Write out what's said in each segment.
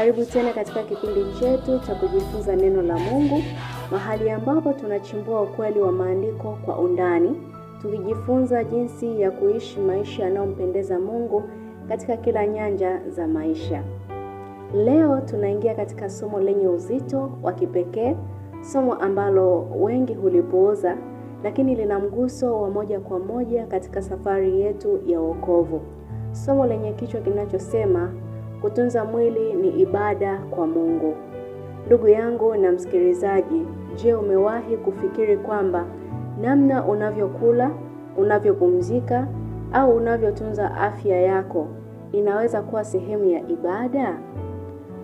Karibu tena katika kipindi chetu cha kujifunza neno la Mungu, mahali ambapo tunachimbua ukweli wa maandiko kwa undani, tukijifunza jinsi ya kuishi maisha yanayompendeza Mungu katika kila nyanja za maisha. Leo tunaingia katika somo lenye uzito wa kipekee, somo ambalo wengi hulipuuza, lakini lina mguso wa moja kwa moja katika safari yetu ya wokovu, somo lenye kichwa kinachosema Kutunza mwili ni ibada kwa Mungu. Ndugu yangu na msikilizaji, je, umewahi kufikiri kwamba namna unavyokula, unavyopumzika au unavyotunza afya yako inaweza kuwa sehemu ya ibada?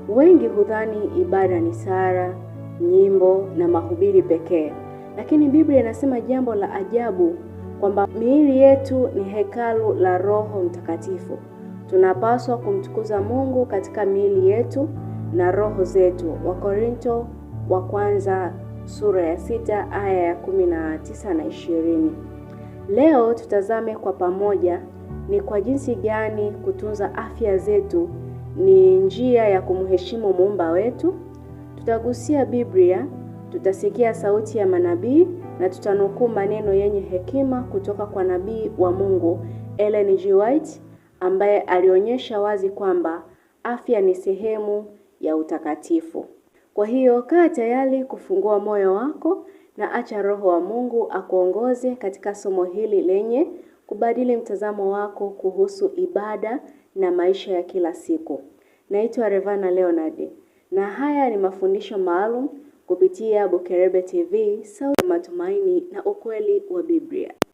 Wengi hudhani ibada ni sala, nyimbo na mahubiri pekee, lakini Biblia inasema jambo la ajabu kwamba miili yetu ni hekalu la Roho Mtakatifu. Tunapaswa kumtukuza Mungu katika miili yetu na roho zetu. Wakorinto wa kwanza sura ya sita aya ya kumi na tisa na ishirini. Leo tutazame kwa pamoja ni kwa jinsi gani kutunza afya zetu ni njia ya kumheshimu muumba wetu. Tutagusia Biblia, tutasikia sauti ya manabii na tutanukuu maneno yenye hekima kutoka kwa nabii wa Mungu Ellen G. White ambaye alionyesha wazi kwamba afya ni sehemu ya utakatifu. Kwa hiyo kaa tayari kufungua moyo wako na acha Roho wa Mungu akuongoze katika somo hili lenye kubadili mtazamo wako kuhusu ibada na maisha ya kila siku. Naitwa Revana Leonard na haya ni mafundisho maalum kupitia Bukerebe TV, sauti matumaini na ukweli wa Biblia.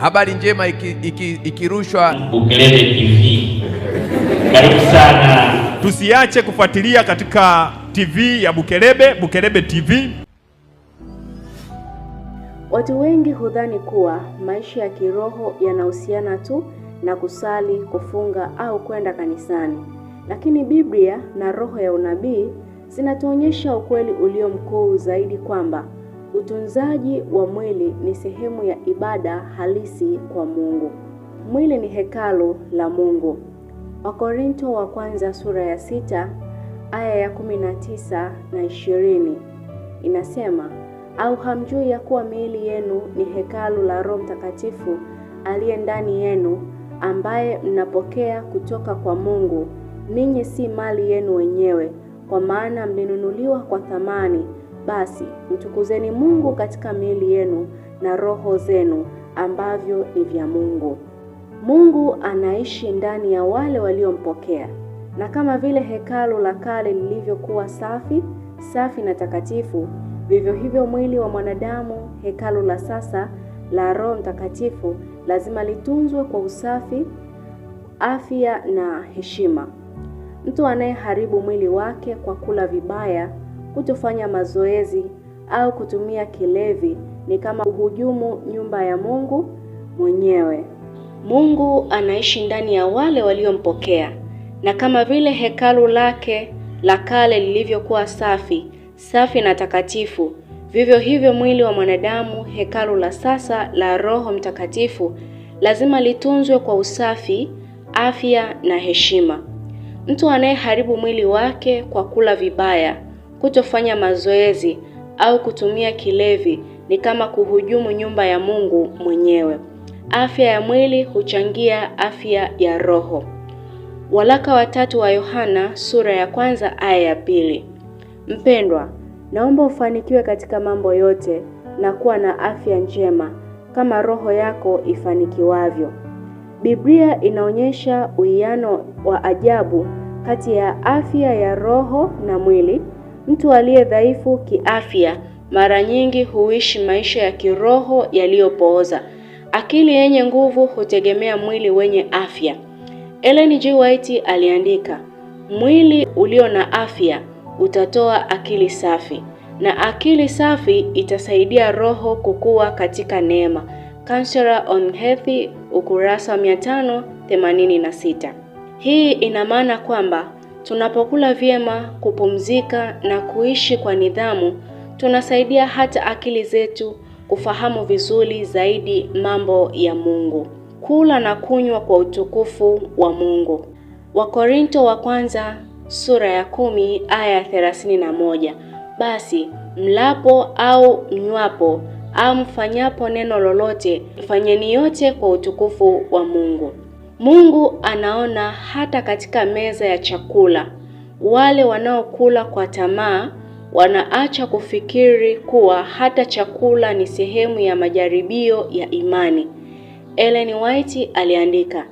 Habari njema ikirushwa iki, iki Bukelebe TV. Karibu sana. Tusiache kufuatilia katika TV ya Bukelebe, Bukelebe TV. Watu wengi hudhani kuwa maisha ya kiroho yanahusiana tu na kusali, kufunga au kwenda kanisani. Lakini Biblia na roho ya unabii zinatuonyesha ukweli ulio mkuu zaidi kwamba Utunzaji wa mwili ni sehemu ya ibada halisi kwa Mungu. Mwili ni hekalu la Mungu. Wakorinto wa kwanza sura ya sita aya ya kumi na tisa na ishirini inasema, au hamjui ya kuwa miili yenu ni hekalu la Roho Mtakatifu aliye ndani yenu, ambaye mnapokea kutoka kwa Mungu; ninyi si mali yenu wenyewe, kwa maana mlinunuliwa kwa thamani. Basi mtukuzeni Mungu katika miili yenu na roho zenu ambavyo ni vya Mungu. Mungu anaishi ndani ya wale waliompokea. Na kama vile hekalu la kale lilivyokuwa safi, safi na takatifu, vivyo hivyo mwili wa mwanadamu, hekalu la sasa la Roho Mtakatifu, lazima litunzwe kwa usafi, afya na heshima. Mtu anayeharibu mwili wake kwa kula vibaya kutofanya mazoezi au kutumia kilevi ni kama kuhujumu nyumba ya Mungu mwenyewe. Mungu anaishi ndani ya wale waliompokea, na kama vile hekalu lake la kale lilivyokuwa safi, safi na takatifu, vivyo hivyo mwili wa mwanadamu, hekalu la sasa la Roho Mtakatifu, lazima litunzwe kwa usafi, afya na heshima. Mtu anayeharibu mwili wake kwa kula vibaya Kutofanya mazoezi au kutumia kilevi ni kama kuhujumu nyumba ya Mungu mwenyewe. Afya ya mwili huchangia afya ya roho. walaka wa tatu wa Yohana sura ya kwanza aya ya pili. Mpendwa, naomba ufanikiwe katika mambo yote na kuwa na afya njema kama roho yako ifanikiwavyo. Biblia inaonyesha uwiano wa ajabu kati ya afya ya roho na mwili Mtu aliye dhaifu kiafya mara nyingi huishi maisha ya kiroho yaliyopooza. Akili yenye nguvu hutegemea mwili wenye afya. Ellen G. White aliandika, mwili ulio na afya utatoa akili safi na akili safi itasaidia roho kukua katika neema. Counselor on Healthy, ukurasa 586. Hii ina maana kwamba Tunapokula vyema, kupumzika na kuishi kwa nidhamu, tunasaidia hata akili zetu kufahamu vizuri zaidi mambo ya Mungu. Kula na kunywa kwa utukufu wa Mungu. Wakorinto wa kwanza sura ya kumi aya ya thelathini na moja. Basi mlapo au mnywapo au mfanyapo neno lolote, fanyeni yote kwa utukufu wa Mungu. Mungu anaona hata katika meza ya chakula. Wale wanaokula kwa tamaa wanaacha kufikiri kuwa hata chakula ni sehemu ya majaribio ya imani. Ellen White aliandika,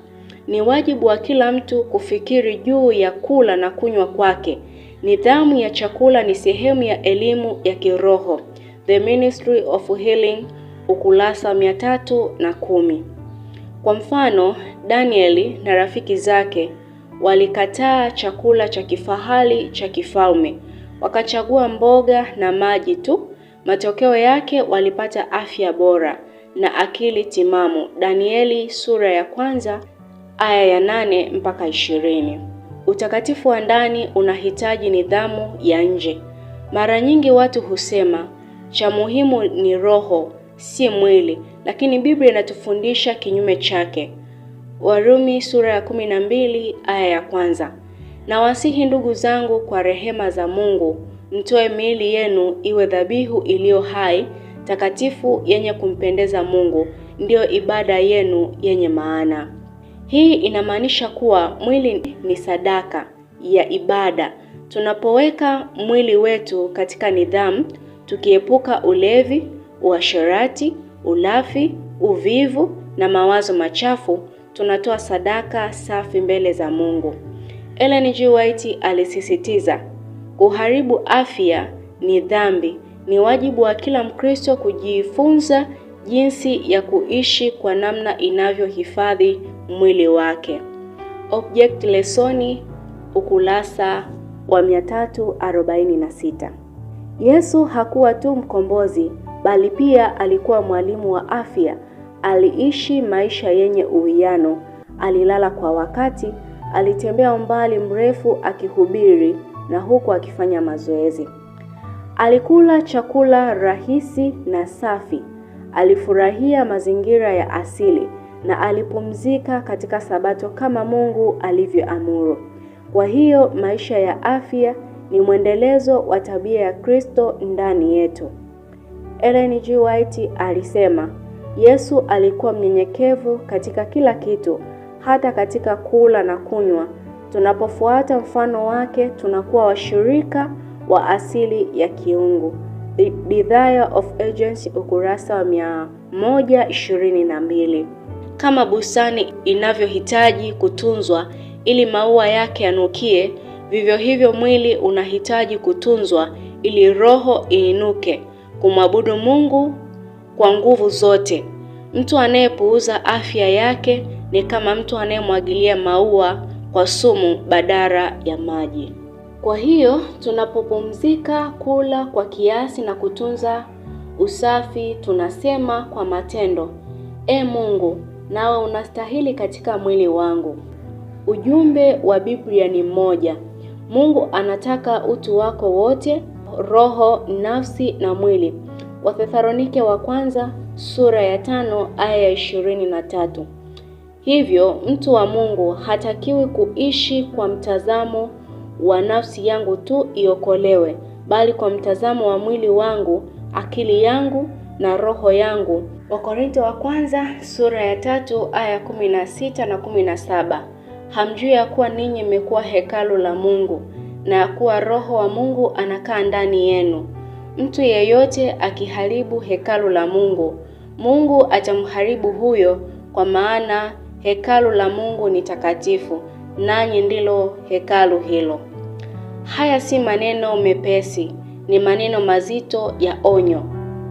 ni wajibu wa kila mtu kufikiri juu ya kula na kunywa kwake. Nidhamu ya chakula ni sehemu ya elimu ya kiroho. The Ministry of Healing, ukurasa mia tatu na kumi. Kwa mfano, Danieli na rafiki zake walikataa chakula cha kifahari cha kifalme, wakachagua mboga na maji tu. Matokeo yake walipata afya bora na akili timamu. Danieli sura ya kwanza aya ya nane mpaka ishirini. Utakatifu wa ndani unahitaji nidhamu ya nje. Mara nyingi watu husema cha muhimu ni roho, si mwili, lakini Biblia inatufundisha kinyume chake. Warumi sura ya kumi na mbili aya ya kwanza. Nawasihi ndugu zangu kwa rehema za Mungu mtoe miili yenu iwe dhabihu iliyo hai, takatifu, yenye kumpendeza Mungu, ndiyo ibada yenu yenye maana. Hii inamaanisha kuwa mwili ni sadaka ya ibada. Tunapoweka mwili wetu katika nidhamu, tukiepuka ulevi, uasherati, ulafi, uvivu na mawazo machafu, tunatoa sadaka safi mbele za Mungu. Ellen G. White alisisitiza, kuharibu afya ni dhambi, ni wajibu wa kila Mkristo kujifunza jinsi ya kuishi kwa namna inavyohifadhi mwili wake. Object Lesson ukurasa wa 346. Yesu hakuwa tu mkombozi bali pia alikuwa mwalimu wa afya. Aliishi maisha yenye uwiano, alilala kwa wakati, alitembea umbali mrefu akihubiri na huku akifanya mazoezi. Alikula chakula rahisi na safi, alifurahia mazingira ya asili na alipumzika katika Sabato kama Mungu alivyoamuru. Kwa hiyo maisha ya afya ni mwendelezo wa tabia ya Kristo ndani yetu. Ellen G. White alisema Yesu alikuwa mnyenyekevu katika kila kitu, hata katika kula na kunywa. Tunapofuata mfano wake, tunakuwa washirika wa asili ya kiungu. The Desire of Agency, ukurasa wa 122. Kama bustani inavyohitaji kutunzwa ili maua yake yanukie, vivyo hivyo mwili unahitaji kutunzwa ili roho iinuke kumwabudu Mungu kwa nguvu zote. Mtu anayepuuza afya yake ni kama mtu anayemwagilia maua kwa sumu badala ya maji. Kwa hiyo tunapopumzika, kula kwa kiasi na kutunza usafi, tunasema kwa matendo, E Mungu, nawe unastahili katika mwili wangu. Ujumbe wa Biblia ni mmoja. Mungu anataka utu wako wote roho, nafsi na mwili. Wathesalonike wa kwanza sura ya tano aya ya ishirini na tatu. Hivyo mtu wa Mungu hatakiwi kuishi kwa mtazamo wa nafsi yangu tu iokolewe, bali kwa mtazamo wa mwili wangu, akili yangu na roho yangu. Wakorinto wa kwanza sura ya tatu aya kumi na sita na kumi na saba. Hamjui ya kuwa ninyi mmekuwa hekalu la Mungu na ya kuwa Roho wa Mungu anakaa ndani yenu. Mtu yeyote akiharibu hekalu la Mungu, Mungu atamharibu huyo, kwa maana hekalu la Mungu ni takatifu, nanyi ndilo hekalu hilo. Haya si maneno mepesi, ni maneno mazito ya onyo.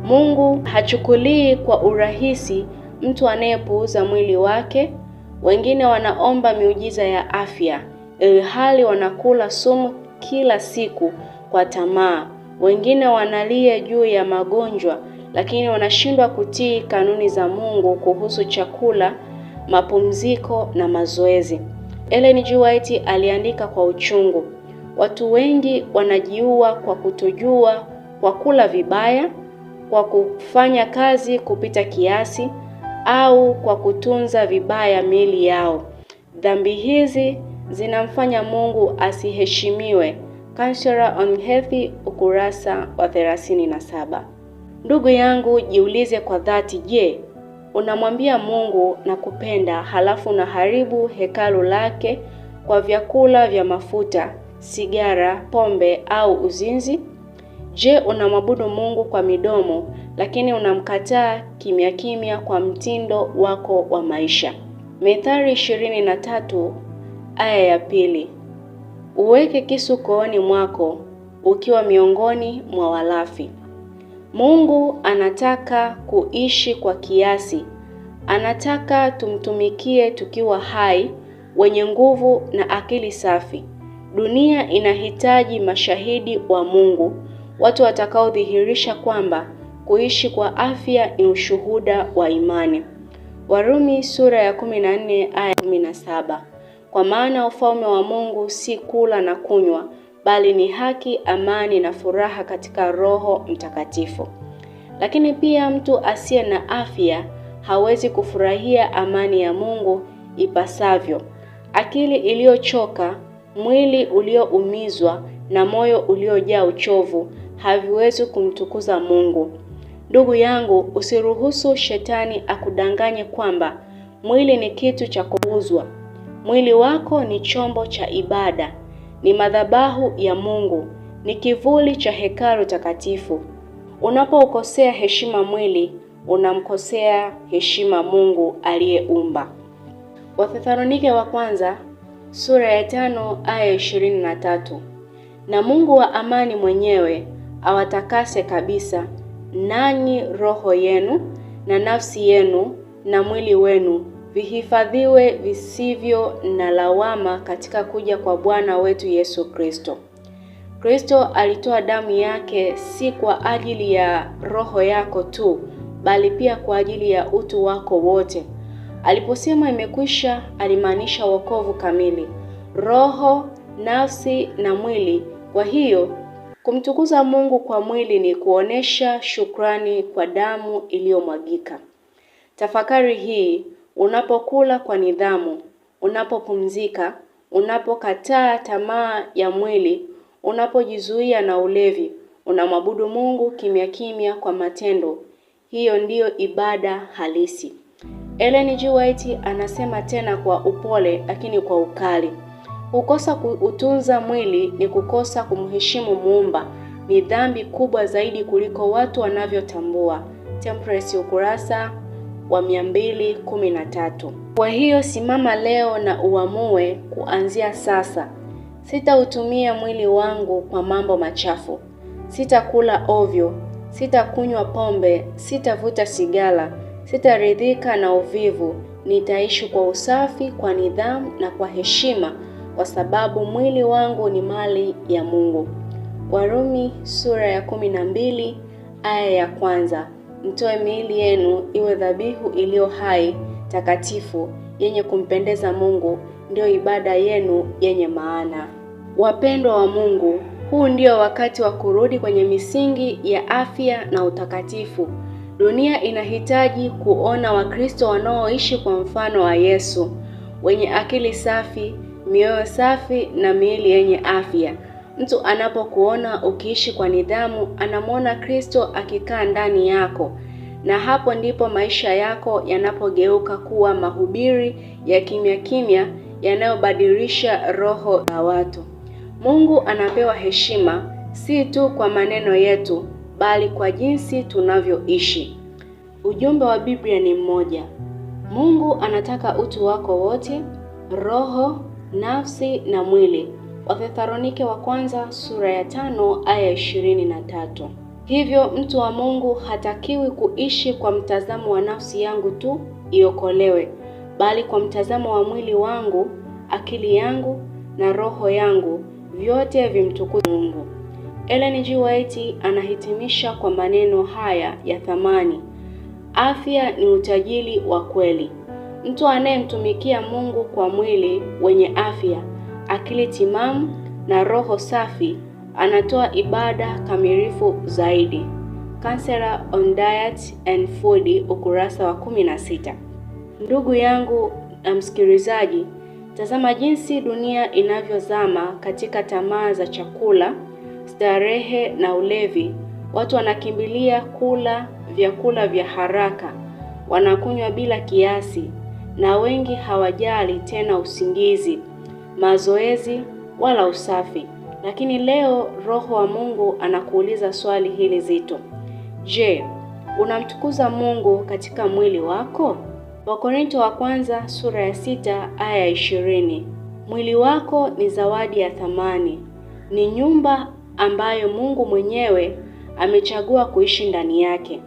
Mungu hachukulii kwa urahisi mtu anayepuuza mwili wake. Wengine wanaomba miujiza ya afya, ili hali wanakula sumu kila siku kwa tamaa. Wengine wanalia juu ya magonjwa, lakini wanashindwa kutii kanuni za Mungu kuhusu chakula, mapumziko na mazoezi. Ellen G. White aliandika kwa uchungu, watu wengi wanajiua kwa kutojua, kwa kula vibaya, kwa kufanya kazi kupita kiasi, au kwa kutunza vibaya miili yao. Dhambi hizi zinamfanya Mungu asiheshimiwe. Counselor on Health, ukurasa wa 37. Ndugu yangu, jiulize kwa dhati, je, unamwambia Mungu na kupenda halafu unaharibu hekalu lake kwa vyakula vya mafuta, sigara, pombe au uzinzi? Je, unamwabudu Mungu kwa midomo lakini unamkataa kimya kimya kwa mtindo wako wa maisha? Methali 23 aya ya pili, uweke kisu kooni mwako ukiwa miongoni mwa walafi. Mungu anataka kuishi kwa kiasi, anataka tumtumikie tukiwa hai, wenye nguvu na akili safi. Dunia inahitaji mashahidi wa Mungu, watu watakaodhihirisha kwamba kuishi kwa afya ni ushuhuda wa imani. Warumi sura ya 14 aya 17. Kwa maana ufalme wa Mungu si kula na kunywa, bali ni haki, amani na furaha katika Roho Mtakatifu. Lakini pia mtu asiye na afya hawezi kufurahia amani ya Mungu ipasavyo. Akili iliyochoka, mwili ulioumizwa na moyo uliojaa uchovu haviwezi kumtukuza Mungu. Ndugu yangu, usiruhusu shetani akudanganye kwamba mwili ni kitu cha kuuzwa. Mwili wako ni chombo cha ibada, ni madhabahu ya Mungu, ni kivuli cha hekalu takatifu. Unapoukosea heshima mwili, unamkosea heshima Mungu aliyeumba. Wathesalonike wa kwanza sura ya tano aya ishirini na tatu. Na Mungu wa amani mwenyewe awatakase kabisa, nanyi roho yenu na nafsi yenu na mwili wenu vihifadhiwe visivyo na lawama katika kuja kwa Bwana wetu Yesu Kristo. Kristo alitoa damu yake si kwa ajili ya roho yako tu, bali pia kwa ajili ya utu wako wote. Aliposema imekwisha, alimaanisha wokovu kamili, roho, nafsi na mwili. Kwa hiyo kumtukuza Mungu kwa mwili ni kuonesha shukrani kwa damu iliyomwagika. Tafakari hii Unapokula kwa nidhamu, unapopumzika, unapokataa tamaa ya mwili, unapojizuia na ulevi, unamwabudu Mungu kimya kimya kwa matendo. Hiyo ndiyo ibada halisi. Ellen G. White anasema tena kwa upole lakini kwa ukali. Kukosa kuutunza mwili ni kukosa kumheshimu Muumba. Ni dhambi kubwa zaidi kuliko watu wanavyotambua. Temperance ukurasa wa 213. Kwa hiyo simama leo na uamue kuanzia sasa, sitautumia mwili wangu kwa mambo machafu, sitakula ovyo, sitakunywa pombe, sitavuta sigara, sitaridhika na uvivu. Nitaishi kwa usafi, kwa nidhamu na kwa heshima, kwa sababu mwili wangu ni mali ya Mungu. Warumi sura ya 12 aya ya kwanza mtoe miili yenu iwe dhabihu iliyo hai, takatifu, yenye kumpendeza Mungu, ndiyo ibada yenu yenye maana. Wapendwa wa Mungu, huu ndio wakati wa kurudi kwenye misingi ya afya na utakatifu. Dunia inahitaji kuona Wakristo wanaoishi kwa mfano wa Yesu, wenye akili safi, mioyo safi na miili yenye afya. Mtu anapokuona ukiishi kwa nidhamu, anamwona Kristo akikaa ndani yako, na hapo ndipo maisha yako yanapogeuka kuwa mahubiri ya kimya kimya yanayobadilisha roho za watu. Mungu anapewa heshima si tu kwa maneno yetu, bali kwa jinsi tunavyoishi. Ujumbe wa Biblia ni mmoja. Mungu anataka utu wako wote, roho, nafsi na mwili. Wathesalonike wa kwanza sura ya tano aya ishirini na tatu. Hivyo mtu wa Mungu hatakiwi kuishi kwa mtazamo wa nafsi yangu tu iokolewe, bali kwa mtazamo wa mwili wangu, akili yangu na roho yangu, vyote vimtukuze Mungu. Ellen G. White anahitimisha kwa maneno haya ya thamani: afya ni utajiri wa kweli. Mtu anayemtumikia Mungu kwa mwili wenye afya akili timamu na roho safi anatoa ibada kamilifu zaidi. Counselor on Diet and Food, ukurasa wa 16. Ndugu yangu na msikilizaji, tazama jinsi dunia inavyozama katika tamaa za chakula, starehe na ulevi. Watu wanakimbilia kula vyakula vya haraka, wanakunywa bila kiasi, na wengi hawajali tena usingizi mazoezi wala usafi. Lakini leo Roho wa Mungu anakuuliza swali hili zito. Je, unamtukuza Mungu katika mwili wako? Wakorinto wa kwanza sura ya sita aya ya ishirini. Mwili wako ni zawadi ya thamani, ni nyumba ambayo Mungu mwenyewe amechagua kuishi ndani yake.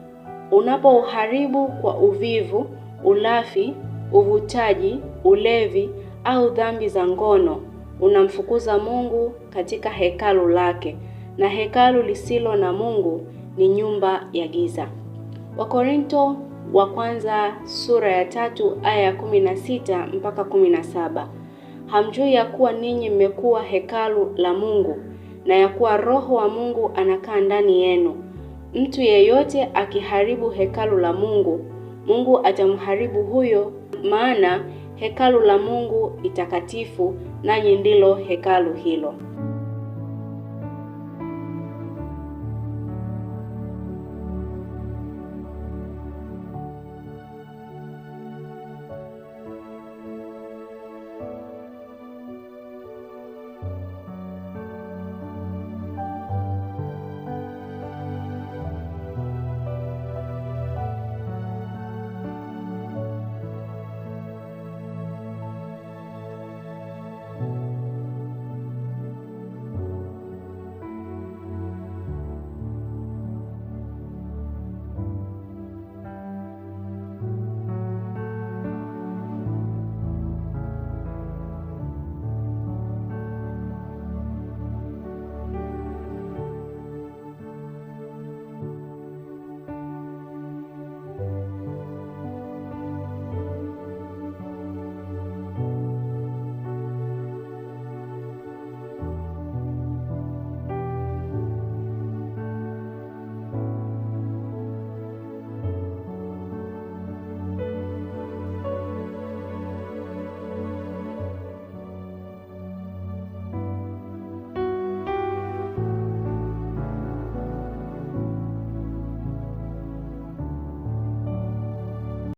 Unapouharibu kwa uvivu, ulafi, uvutaji, ulevi au dhambi za ngono, unamfukuza Mungu katika hekalu lake, na hekalu lisilo na Mungu ni nyumba ya giza. Wakorinto wa kwanza sura ya tatu aya ya kumi na sita mpaka kumi na saba hamjui ya kuwa ninyi mmekuwa hekalu la Mungu na ya kuwa Roho wa Mungu anakaa ndani yenu. Mtu yeyote akiharibu hekalu la Mungu, Mungu atamharibu huyo, maana hekalu la Mungu itakatifu, nanyi ndilo hekalu hilo.